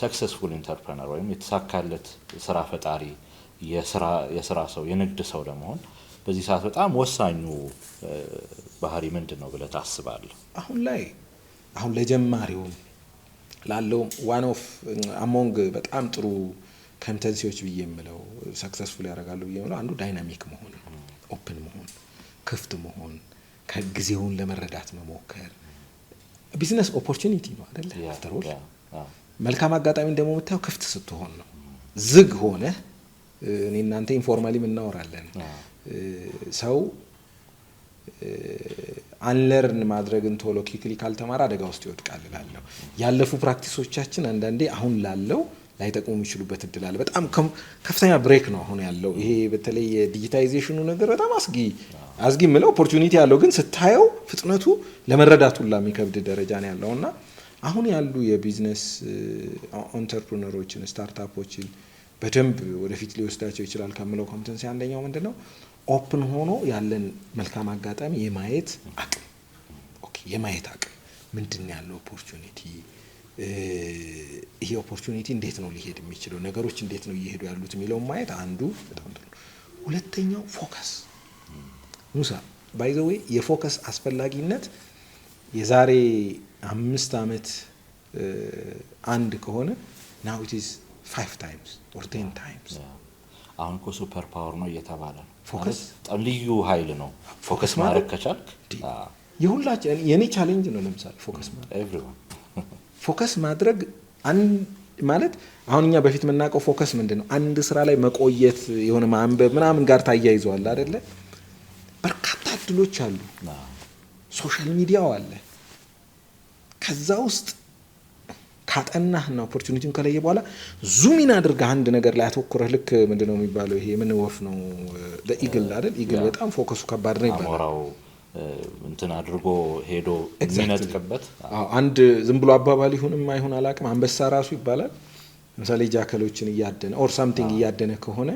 ሰክሰስፉል ኢንተርፕረነር ወይም የተሳካለት ስራ ፈጣሪ የስራ ሰው የንግድ ሰው ለመሆን በዚህ ሰዓት በጣም ወሳኙ ባህሪ ምንድን ነው ብለህ ታስባለህ? አሁን ላይ አሁን ለጀማሪውም ላለው ዋን ኦፍ አሞንግ በጣም ጥሩ ከንተንሲዎች ብዬ የምለው ሰክሰስፉል ያደርጋሉ ብዬ የምለው አንዱ ዳይናሚክ መሆን፣ ኦፕን መሆን፣ ክፍት መሆን፣ ከጊዜውን ለመረዳት መሞከር ቢዝነስ ኦፖርቹኒቲ ነው አደለ አፍተር ኦል መልካም አጋጣሚ ደግሞ የምታየው ክፍት ስትሆን ነው። ዝግ ሆነ እኔ እናንተ ኢንፎርማሊም እናወራለን። ሰው አንለርን ማድረግን ቶሎ ኪክሊ ካልተማረ አደጋ ውስጥ ይወድቃል እላለሁ። ያለፉ ፕራክቲሶቻችን አንዳንዴ አሁን ላለው ላይጠቅሙ የሚችሉበት እድል አለ። በጣም ከፍተኛ ብሬክ ነው አሁን ያለው ይሄ በተለይ የዲጂታይዜሽኑ ነገር በጣም አስጊ አስጊ የምለው ኦፖርቹኒቲ ያለው ግን ስታየው ፍጥነቱ ለመረዳት ሁላ የሚከብድ ደረጃ ነው ያለውና አሁን ያሉ የቢዝነስ ኦንተርፕርነሮችን ስታርታፖችን በደንብ ወደፊት ሊወስዳቸው ይችላል ከምለው ኮምተንሲ አንደኛው ምንድን ነው? ኦፕን ሆኖ ያለን መልካም አጋጣሚ የማየት አቅም የማየት አቅም ምንድን ያለው ኦፖርቹኒቲ ይሄ ኦፖርቹኒቲ እንዴት ነው ሊሄድ የሚችለው ነገሮች እንዴት ነው እየሄዱ ያሉት የሚለውን ማየት አንዱ በጣም ጥሩ። ሁለተኛው ፎከስ ሙሳ ባይዘዌ የፎከስ አስፈላጊነት የዛሬ አምስት ዓመት አንድ ከሆነ ናው ኢት ኢዝ ፋይቭ ታይምስ ኦር ቴን ታይምስ። አሁን እኮ ሱፐር ፓወር ነው እየተባለ ነው። ፎከስ ልዩ ኃይል ነው። ፎከስ ማድረግ ከቻልክ የሁላችን የኔ ቻሌንጅ ነው። ለምሳሌ ፎከስ ማድረግ ፎከስ ማድረግ ማለት አሁን እኛ በፊት የምናውቀው ፎከስ ምንድን ነው? አንድ ስራ ላይ መቆየት የሆነ ማንበብ ምናምን ጋር ታያይዘዋል አይደለ? በርካታ እድሎች አሉ። ሶሻል ሚዲያው አለ ከዛ ውስጥ ካጠናህና ኦፖርቹኒቲን ከለየ በኋላ ዙሚን አድርገ አንድ ነገር ላይ አተኩረህ ልክ ምንድነው የሚባለው ይሄ ምን ወፍ ነው ኢግል አይደል ኢግል በጣም ፎከሱ ከባድ ነው ይባላል እንትን አድርጎ ሄዶ የሚነጥቅበት አንድ ዝም ብሎ አባባል ይሁንም አይሁን አላቅም አንበሳ ራሱ ይባላል ለምሳሌ ጃከሎችን እያደነ ኦር ሳምቲንግ እያደነ ከሆነ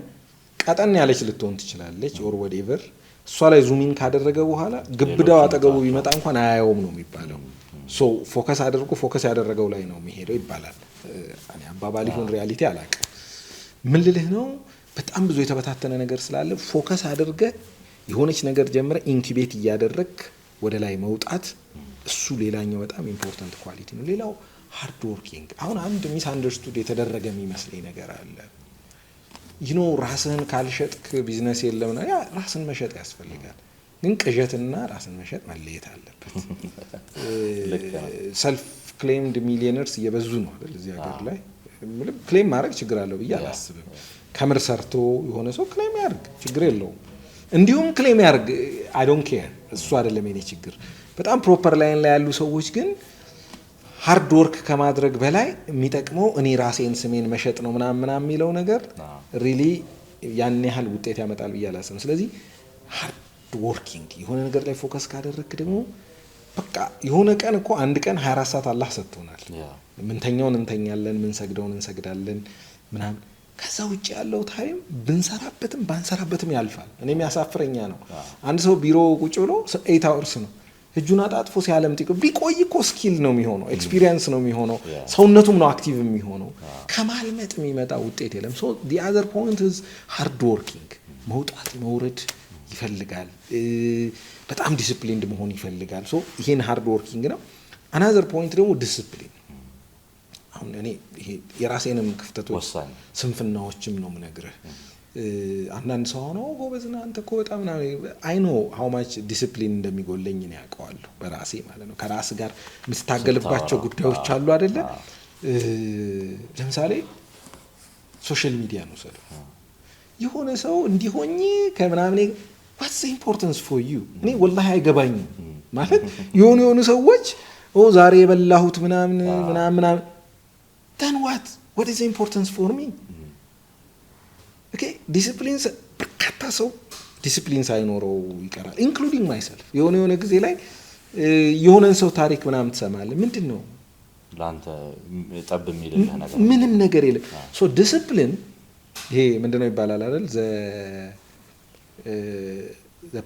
ቀጠን ያለች ልትሆን ትችላለች ኦር ወዴቨር እሷ ላይ ዙሚን ካደረገ በኋላ ግብዳው አጠገቡ ቢመጣ እንኳን አያየውም ነው የሚባለው። ሶ ፎከስ አድርጎ ፎከስ ያደረገው ላይ ነው የሚሄደው ይባላል። አባባል ይሁን ሪያሊቲ አላውቅም። ምን ልልህ ነው፣ በጣም ብዙ የተበታተነ ነገር ስላለ ፎከስ አድርገ የሆነች ነገር ጀምረ ኢንኪቤት እያደረግ ወደ ላይ መውጣት፣ እሱ ሌላኛው በጣም ኢምፖርታንት ኳሊቲ ነው። ሌላው ሃርድ ወርኪንግ። አሁን አንድ ሚስ አንደርስቱድ የተደረገ የሚመስለኝ ነገር አለ ይኖ ራስህን ካልሸጥክ ቢዝነስ የለም ነው። ያ ራስን መሸጥ ያስፈልጋል። ግን ቅዠትና ራስን መሸጥ መለየት አለበት። ሰልፍ ክሌምድ ሚሊዮነርስ እየበዙ ነው አይደል? እዚህ ሀገር ላይ ክሌም ማድረግ ችግር አለው ብዬ አላስብም። ከምር ሰርቶ የሆነ ሰው ክሌም ያርግ፣ ችግር የለውም። እንዲሁም ክሌም ያርግ፣ አይ ዶንት ኬር። እሱ አይደለም የኔ ችግር። በጣም ፕሮፐር ላይን ላይ ያሉ ሰዎች ግን ሃርድ ወርክ ከማድረግ በላይ የሚጠቅመው እኔ ራሴን ስሜን መሸጥ ነው ምናምን ምናምን የሚለው ነገር ሪሊ ያን ያህል ውጤት ያመጣል ብዬ አላስብም። ስለዚህ ሃርድ ወርኪንግ የሆነ ነገር ላይ ፎከስ ካደረግክ ደግሞ በቃ የሆነ ቀን እኮ አንድ ቀን 24 ሰዓት አላህ ሰጥቶናል። ምንተኛውን እንተኛለን፣ ምንሰግደውን እንሰግዳለን ምናምን። ከዛ ውጭ ያለው ታይም ብንሰራበትም ባንሰራበትም ያልፋል። እኔም ያሳፍረኛ ነው አንድ ሰው ቢሮ ቁጭ ብሎ ኤይት አወርስ ነው እጁን አጣጥፎ ሲያለምጥ ቢቆይ እኮ ስኪል ነው የሚሆነው፣ ኤክስፒሪየንስ hmm. ነው የሚሆነው፣ ሰውነቱም ነው አክቲቭ የሚሆነው። ah. ከማልመጥ የሚመጣ ውጤት የለም። ሶ ዲ አዘር ፖይንት ኢዝ ሃርድ ወርኪንግ፣ መውጣት መውረድ ይፈልጋል። በጣም ዲስፕሊንድ መሆን ይፈልጋል። ሶ ይሄን ሃርድ ወርኪንግ ነው። አናዘር ፖይንት ደግሞ ዲስፕሊን። አሁን እኔ ይሄ የራሴንም ክፍተቶች ስንፍናዎችም ነው ምነግርህ hmm. አንዳንድ ሰው ሆኖ ጎበዝ ነህ አንተ እኮ በጣም አይኖ ሀውማች ዲስፕሊን እንደሚጎለኝ ነው ያውቀዋለሁ በራሴ ማለት ነው። ከራስ ጋር የምትታገልባቸው ጉዳዮች አሉ አደለ? ለምሳሌ ሶሻል ነው ውሰዱ። የሆነ ሰው እንዲሆኝ ከምናምን ዋትስ ኢምፖርተንስ ፎር ዩ እኔ ወላሂ አይገባኝም ማለት የሆኑ የሆኑ ሰዎች ዛሬ የበላሁት ምናምን ምናምን ምናምን ዋት ዋት ኢዝ ኢምፖርተንስ ፎር ሚ ኦኬ ዲስፕሊን በርካታ ሰው ዲስፕሊን ሳይኖረው ይቀራል። ኢንክሉዲንግ ማይሰልፍ የሆነ የሆነ ጊዜ ላይ የሆነን ሰው ታሪክ ምናምን ትሰማለህ። ምንድን ነው ለአንተ ጠብ የሚልልህ ነገር ምንም ነገር የለም። ሶ ዲስፕሊን ይሄ ምንድነው ይባላል አይደል? ዘ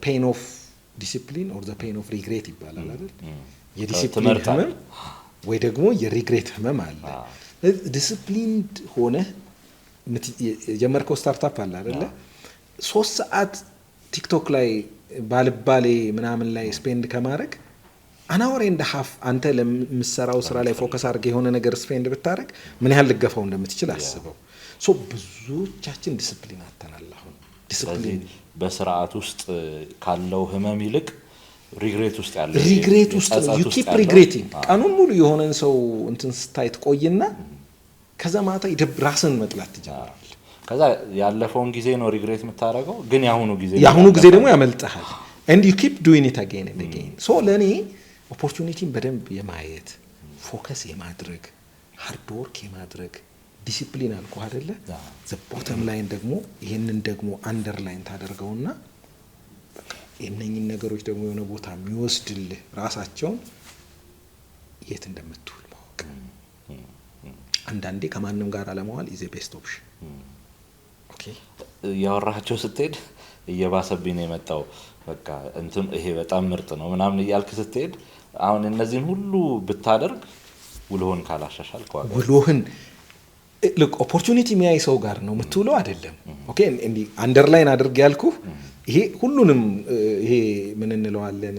ፔን ኦፍ ዲስፕሊን ኦር ዘ ፔን ኦፍ ሪግሬት ይባላል አይደል? የዲስፕሊን ህመም ወይ ደግሞ የሪግሬት ህመም አለ። ዲስፕሊንድ ሆነህ የጀመርከው ስታርታፕ አለ አደለ? ሶስት ሰዓት ቲክቶክ ላይ ባልባሌ ምናምን ላይ ስፔንድ ከማድረግ አናወሬ እንደ ሀፍ አንተ ለምሰራው ስራ ላይ ፎከስ አድርገ የሆነ ነገር ስፔንድ ብታደረግ ምን ያህል ልገፋው እንደምትችል አስበው። ሶ ብዙዎቻችን ዲስፕሊን አተናል። አሁን ዲስፕሊን በስርዓት ውስጥ ካለው ህመም ይልቅ ሪግሬት ውስጥ ያለ ሪግሬት ውስጥ ዩ ኪፕ ሪግሬቲንግ ቀኑን ሙሉ የሆነን ሰው እንትን ስታይ ትቆይና ከዛ ማታ ራስን መጥላት ትጀምራል። ከዛ ያለፈውን ጊዜ ነው ሪግሬት የምታደርገው፣ ግን የአሁኑ ጊዜ የአሁኑ ጊዜ ደግሞ ያመልጠሃል። ኤንድ ዩ ኪፕ ዱዊን ኢት አጌን ኤንድ ሶ ለእኔ ኦፖርቹኒቲን በደንብ የማየት ፎከስ የማድረግ ሃርድ ወርክ የማድረግ ዲሲፕሊን አልኩ አደለ። ቦተም ላይን ደግሞ ይህንን ደግሞ አንደርላይን ታደርገውና የእነኝን ነገሮች ደግሞ የሆነ ቦታ የሚወስድልህ ራሳቸውን የት እንደምትውል አንዳንዴ ከማንም ጋር ለመዋል ኢዜ ቤስት ኦፕሽን። እያወራቸው ስትሄድ እየባሰብኝ ነው የመጣው። በቃ እንትም ይሄ በጣም ምርጥ ነው ምናምን እያልክ ስትሄድ አሁን እነዚህን ሁሉ ብታደርግ ውሎህን ካላሻሻል ውሎህን ልክ ኦፖርቹኒቲ የሚያይ ሰው ጋር ነው የምትውለው አይደለም። እንዲህ አንደርላይን አድርግ ያልኩ ይሄ ሁሉንም ይሄ ምን እንለዋለን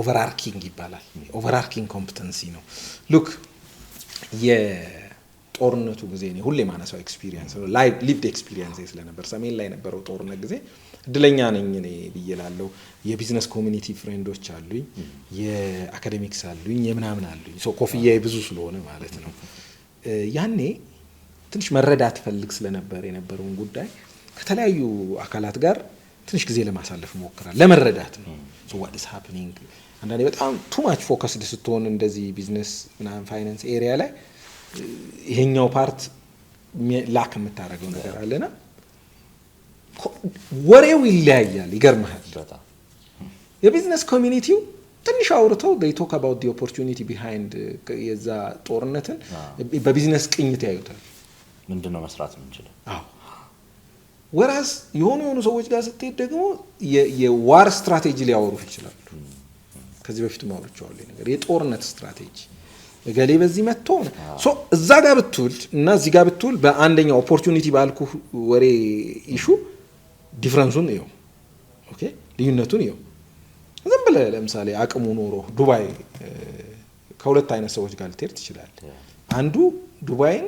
ኦቨርአርኪንግ ይባላል። ኦቨርአርኪንግ ኮምፕተንሲ ነው ልክ ጦርነቱ ጊዜ ነው ሁሌ ማነሳው ኤክስፒሪየንስ ነው ላይ ሊቭድ ኤክስፒሪየንስ ስለነበር ሰሜን ላይ የነበረው ጦርነት ጊዜ እድለኛ ነኝ እኔ ብዬ የቢዝነስ ኮሚኒቲ ፍሬንዶች አሉኝ፣ የአካዴሚክስ አሉኝ፣ የምናምን አሉኝ። ኮፍያ ብዙ ስለሆነ ማለት ነው። ያኔ ትንሽ መረዳት ፈልግ ስለነበር የነበረውን ጉዳይ ከተለያዩ አካላት ጋር ትንሽ ጊዜ ለማሳለፍ ሞክራል። ለመረዳት ነው ዋት ኢዝ ሃፕኒንግ። አንዳንዴ በጣም ቱ ማች ፎከስድ ስትሆን እንደዚህ ቢዝነስ ምናምን ፋይናንስ ኤሪያ ላይ ይሄኛው ፓርት ላክ የምታደርገው ነገር አለና ወሬው ይለያያል። ይገርመሃል። የቢዝነስ ኮሚኒቲው ትንሽ አውርተው ቶክ አባውት ኦፖርቹኒቲ ቢሃይንድ የዛ ጦርነትን በቢዝነስ ቅኝት ያዩታል። ምንድን ነው መስራት ምንችል? ወራስ የሆኑ የሆኑ ሰዎች ጋር ስትሄድ ደግሞ የዋር ስትራቴጂ ሊያወሩ ይችላሉ። ከዚህ በፊት ማውርቼዋለሁ ነገር የጦርነት ስትራቴጂ እገሌ በዚህ መጥቶ እዛ ጋር ብትውል እና እዚህ ጋር ብትውል በአንደኛው ኦፖርቹኒቲ ባልኩ ወሬ ኢሹ ዲፍረንሱን ይው ልዩነቱን ይው ዝም ብለህ ለምሳሌ አቅሙ ኖሮ ዱባይ ከሁለት አይነት ሰዎች ጋር ልትሄድ ትችላለህ። አንዱ ዱባይን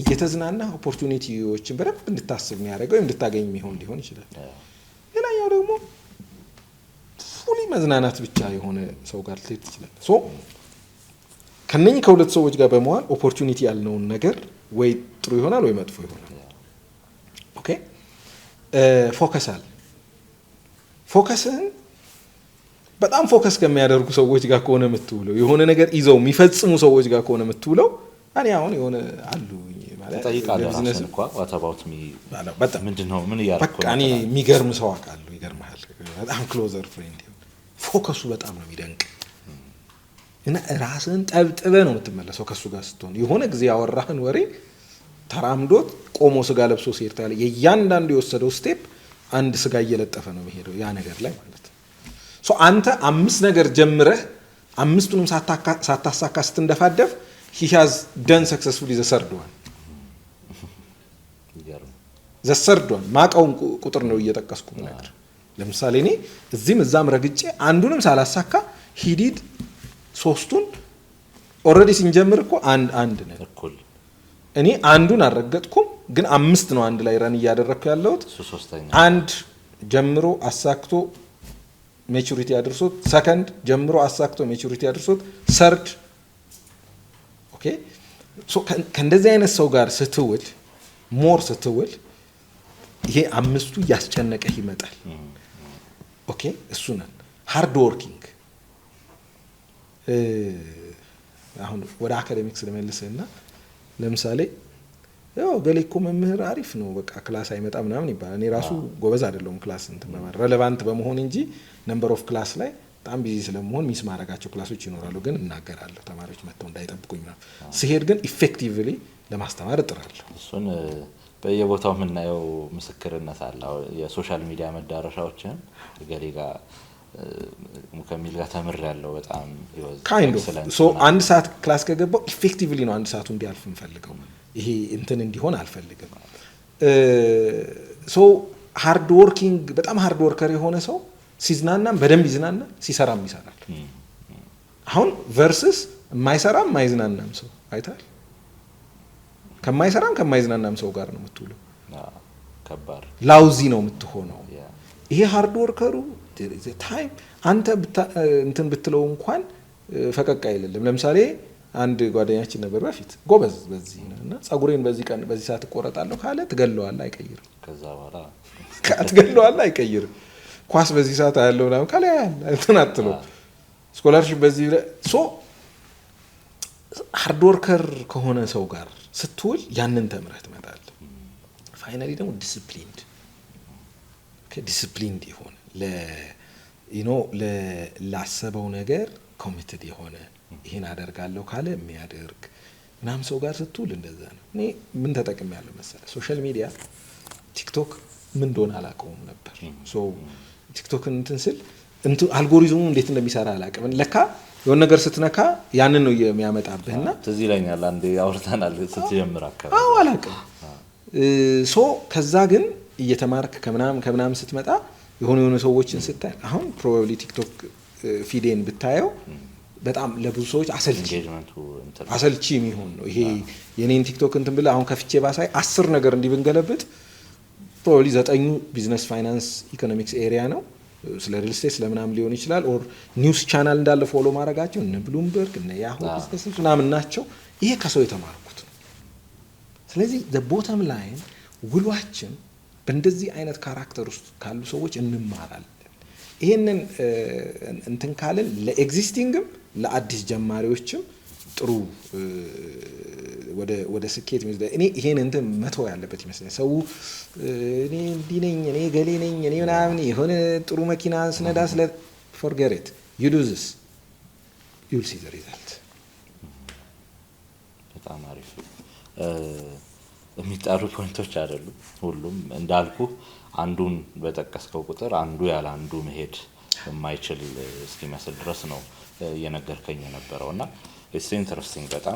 እየተዝናና ኦፖርቹኒቲዎችን በደንብ እንድታስብ የሚያደርገው እንድታገኝ የሚሆን ሊሆን ይችላል። ሌላኛው ደግሞ ፉሊ መዝናናት ብቻ የሆነ ሰው ጋር ልትሄድ ትችላለህ። ከነኝ ከሁለት ሰዎች ጋር በመዋል ኦፖርቹኒቲ ያልነውን ነገር ወይ ጥሩ ይሆናል ወይ መጥፎ ይሆናል። ኦኬ ፎከስ አለ። ፎከስህን በጣም ፎከስ ከሚያደርጉ ሰዎች ጋር ከሆነ የምትውለው የሆነ ነገር ይዘው የሚፈጽሙ ሰዎች ጋር ከሆነ የምትውለው እኔ አሁን የሆነ አሉ የሚገርም ሰው አውቃለሁ። ይገርምሃል። በጣም ክሎዘር ፍሬንድ ፎከሱ በጣም ነው የሚደንቅ እና ራስህን ጠብጥበ ነው የምትመለሰው ከእሱ ጋር ስትሆን። የሆነ ጊዜ ያወራህን ወሬ ተራምዶት ቆሞ ስጋ ለብሶ ሲሄድ ታለ የእያንዳንዱ የወሰደው ስቴፕ አንድ ስጋ እየለጠፈ ነው የሚሄደው ያ ነገር ላይ ማለት ነው። አንተ አምስት ነገር ጀምረህ አምስቱንም ሳታሳካ ስትንደፋደፍ ሂሻዝ ደን ሰክሰስፉል ዘሰርደዋል ዘሰርደዋል ማቀውን ቁጥር ነው እየጠቀስኩ ነገር ለምሳሌ እኔ እዚህም እዛም ረግጬ አንዱንም ሳላሳካ ሂዲድ ሶስቱን ኦረዲ ስንጀምር እኮ አንድ አንድ ነው እኩል። እኔ አንዱን አልረገጥኩም፣ ግን አምስት ነው አንድ ላይ ረን እያደረግኩ ያለሁት። አንድ ጀምሮ አሳክቶ ሜቹሪቲ አድርሶት፣ ሰከንድ ጀምሮ አሳክቶ ሜቹሪቲ አድርሶት፣ ሰርድ ኦኬ። ከእንደዚህ አይነት ሰው ጋር ስትውል ሞር ስትውል ይሄ አምስቱ እያስጨነቀህ ይመጣል። ኦኬ እሱ ነን ሃርድ ወርኪንግ አሁን ወደ አካዴሚክስ ልመልስህና ለምሳሌ ያው ገሌኮ መምህር አሪፍ ነው በቃ ክላስ አይመጣ ምናምን ይባላል። እኔ ራሱ ጎበዝ አይደለሁም ክላስ እንትን በማለት ረሌቫንት በመሆን እንጂ ነምበር ኦፍ ክላስ ላይ በጣም ቢዚ ስለመሆን ሚስ ማድረጋቸው ክላሶች ይኖራሉ፣ ግን እናገራለሁ ተማሪዎች መጥተው እንዳይጠብቁኝ ምናምን። ሲሄድ ግን ኢፌክቲቭሊ ለማስተማር እጥራለሁ። እሱን በየቦታው የምናየው ምስክርነት አለ። የሶሻል ሚዲያ መዳረሻዎችን ገሌ ጋር ከሚል ጋር ተምር ያለው በጣም አንድ ሰዓት ክላስ ከገባው ኢፌክቲቭሊ ነው አንድ ሰዓቱ እንዲያልፍ የምፈልገው ይሄ እንትን እንዲሆን አልፈልግም። ሶ ሃርድ ወርኪንግ በጣም ሃርድ ወርከር የሆነ ሰው ሲዝናናም በደንብ ይዝናና፣ ሲሰራም ይሰራል። አሁን ቨርስስ የማይሰራም የማይዝናናም ሰው አይታል። ከማይሰራም ከማይዝናናም ሰው ጋር ነው የምትውለው። ላውዚ ነው የምትሆነው። ይሄ ሃርድ ወርከሩ ታይም አንተ እንትን ብትለው እንኳን ፈቀቅ አይልም። ለምሳሌ አንድ ጓደኛችን ነበር በፊት ጎበዝ በዚህ እና ጸጉሬን በዚህ ቀን በዚህ ሰዓት እቆረጣለሁ ካለ ትገለዋለህ፣ አይቀይርም። ከዛ በኋላ ትገለዋለህ፣ አይቀይርም። ኳስ በዚህ ሰዓት ያለው ምናምን ካለ እንትን አትለው። ስኮላርሽፕ በዚህ ሶ ሃርድወርከር ከሆነ ሰው ጋር ስትውል ያንን ተምረህ ትመጣለህ። ፋይናሊ ደግሞ ዲስፕሊንድ ዲስፕሊንድ የሆነ ኖ ላሰበው ነገር ኮሚትድ የሆነ ይህን አደርጋለሁ ካለ የሚያደርግ ምናምን ሰው ጋር ስትውል እንደዛ ነው። እኔ ምን ተጠቅም ያለው መሰለ ሶሻል ሚዲያ ቲክቶክ ምን እንደሆነ አላውቀውም ነበር። ቲክቶክ እንትን ስል አልጎሪዝሙ እንዴት እንደሚሰራ አላውቅም። ለካ የሆነ ነገር ስትነካ ያንን ነው የሚያመጣብህና ትዝ ይለኛል አንዴ አውርተናል ስትጀምር አካባቢ አላውቅም ሶ ከዛ ግን እየተማርክ ከምናም ከምናም ስትመጣ የሆኑ የሆኑ ሰዎችን ስታይ አሁን ፕሮባብሊ ቲክቶክ ፊዴን ብታየው በጣም ለብዙ ሰዎች አሰልቺ የሚሆን ነው። ይሄ የኔን ቲክቶክ እንትን ብለህ አሁን ከፍቼ ባሳይ አስር ነገር እንዲህ ብንገለብጥ ፕሮባብሊ ዘጠኙ ቢዝነስ፣ ፋይናንስ፣ ኢኮኖሚክስ ኤሪያ ነው። ስለ ሪል ስቴት ስለምናምን ሊሆን ይችላል። ኦር ኒውስ ቻናል እንዳለ ፎሎ ማድረጋቸው እነ ብሉምበርግ እነ ያሁ ቢዝነስ ምናምን ናቸው። ይሄ ከሰው የተማርኩት ነው። ስለዚህ ቦተም ላይን ውሏችን በእንደዚህ አይነት ካራክተር ውስጥ ካሉ ሰዎች እንማራለን። ይህንን እንትን ካልን ለኤግዚስቲንግም ለአዲስ ጀማሪዎችም ጥሩ ወደ ስኬት ሚወስደ እኔ ይሄን እንትን መቶ ያለበት ይመስለኛል። ሰው እኔ እንዲህ ነኝ፣ እኔ ገሌ ነኝ፣ እኔ ምናምን የሆነ ጥሩ መኪና ስነዳ ስለ ፎርጌሬት ዩዱዝስ ዩል ሲ ዘ ሪዛልት በጣም አሪፍ የሚጣሩ ፖይንቶች አይደሉም። ሁሉም እንዳልኩ አንዱን በጠቀስከው ቁጥር አንዱ ያለ አንዱ መሄድ የማይችል እስኪመስል ድረስ ነው እየነገርከኝ የነበረው እና ኢትስ ኢንትረስቲንግ በጣም